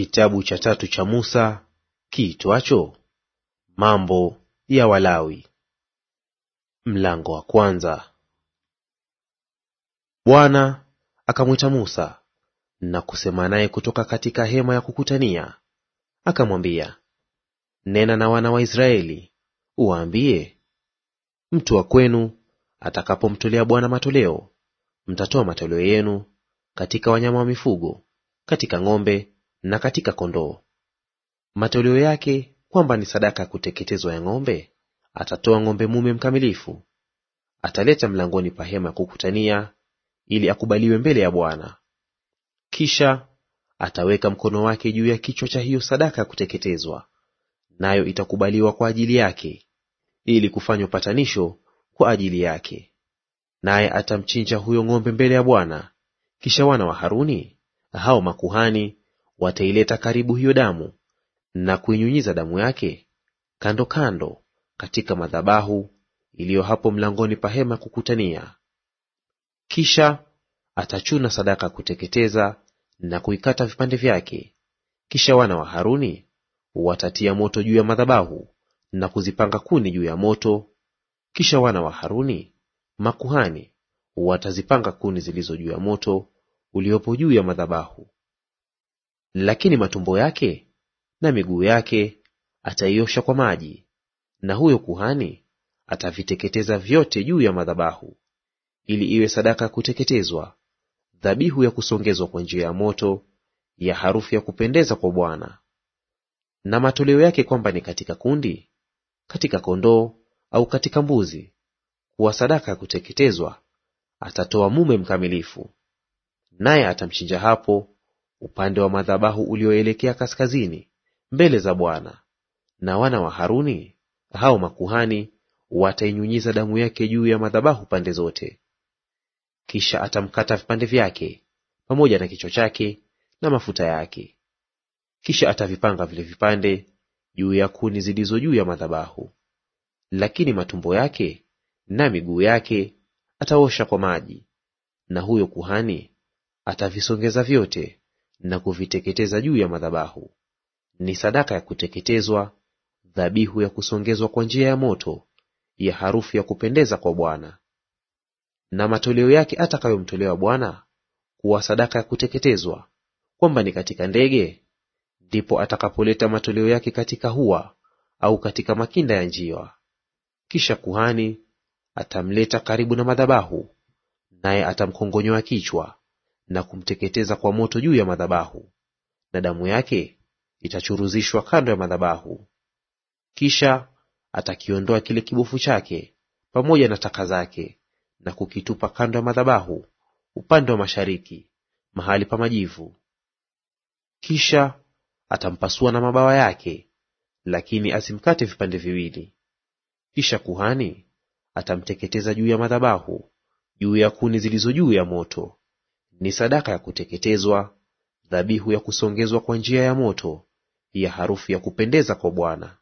Kitabu cha tatu cha Musa kiitwacho Mambo ya Walawi, mlango wa kwanza. Bwana akamwita Musa na kusema naye kutoka katika hema ya kukutania, akamwambia, nena na wana wa Israeli uwaambie, mtu wa kwenu atakapomtolea Bwana matoleo, mtatoa matoleo yenu katika wanyama wa mifugo, katika ng'ombe na katika kondoo. Matoleo yake kwamba ni sadaka ya kuteketezwa ya ng'ombe, atatoa ng'ombe mume mkamilifu, ataleta mlangoni pa hema ya kukutania ili akubaliwe mbele ya Bwana. Kisha ataweka mkono wake juu ya kichwa cha hiyo sadaka ya kuteketezwa, nayo itakubaliwa kwa ajili yake, ili kufanya upatanisho kwa ajili yake. Naye atamchinja huyo ng'ombe mbele ya Bwana. Kisha wana wa Haruni hao makuhani wataileta karibu hiyo damu na kuinyunyiza damu yake kando kando katika madhabahu iliyo hapo mlangoni pa hema ya kukutania. Kisha atachuna sadaka ya kuteketeza na kuikata vipande vyake. Kisha wana wa Haruni watatia moto juu ya madhabahu na kuzipanga kuni juu ya moto. Kisha wana wa Haruni makuhani watazipanga kuni zilizo juu ya moto uliopo juu ya madhabahu. Lakini matumbo yake na miguu yake ataiosha kwa maji, na huyo kuhani ataviteketeza vyote juu ya madhabahu, ili iwe sadaka ya kuteketezwa, dhabihu ya kusongezwa kwa njia ya moto, ya harufu ya kupendeza kwa Bwana. Na matoleo yake kwamba ni katika kundi, katika kondoo au katika mbuzi, kuwa sadaka ya kuteketezwa, atatoa mume mkamilifu, naye atamchinja hapo upande wa madhabahu ulioelekea kaskazini mbele za Bwana. Na wana wa Haruni hao makuhani watainyunyiza damu yake juu ya madhabahu pande zote. Kisha atamkata vipande vyake pamoja na kichwa chake na mafuta yake. Kisha atavipanga vile vipande juu ya kuni zilizo juu ya madhabahu, lakini matumbo yake na miguu yake ataosha kwa maji, na huyo kuhani atavisongeza vyote na kuviteketeza juu ya madhabahu; ni sadaka ya kuteketezwa, dhabihu ya kusongezwa kwa njia ya moto, ya harufu ya kupendeza kwa Bwana. Na matoleo yake atakayomtolewa Bwana kuwa sadaka ya kuteketezwa, kwamba ni katika ndege, ndipo atakapoleta matoleo yake katika hua au katika makinda ya njiwa. Kisha kuhani atamleta karibu na madhabahu, naye atamkongonyoa kichwa na kumteketeza kwa moto juu ya madhabahu, na damu yake itachuruzishwa kando ya madhabahu. Kisha atakiondoa kile kibofu chake pamoja na taka zake, na kukitupa kando ya madhabahu upande wa mashariki, mahali pa majivu. Kisha atampasua na mabawa yake, lakini asimkate vipande viwili. Kisha kuhani atamteketeza juu ya madhabahu juu ya kuni zilizo juu ya moto ni sadaka ya kuteketezwa, dhabihu ya kusongezwa kwa njia ya moto, ya harufu ya kupendeza kwa Bwana.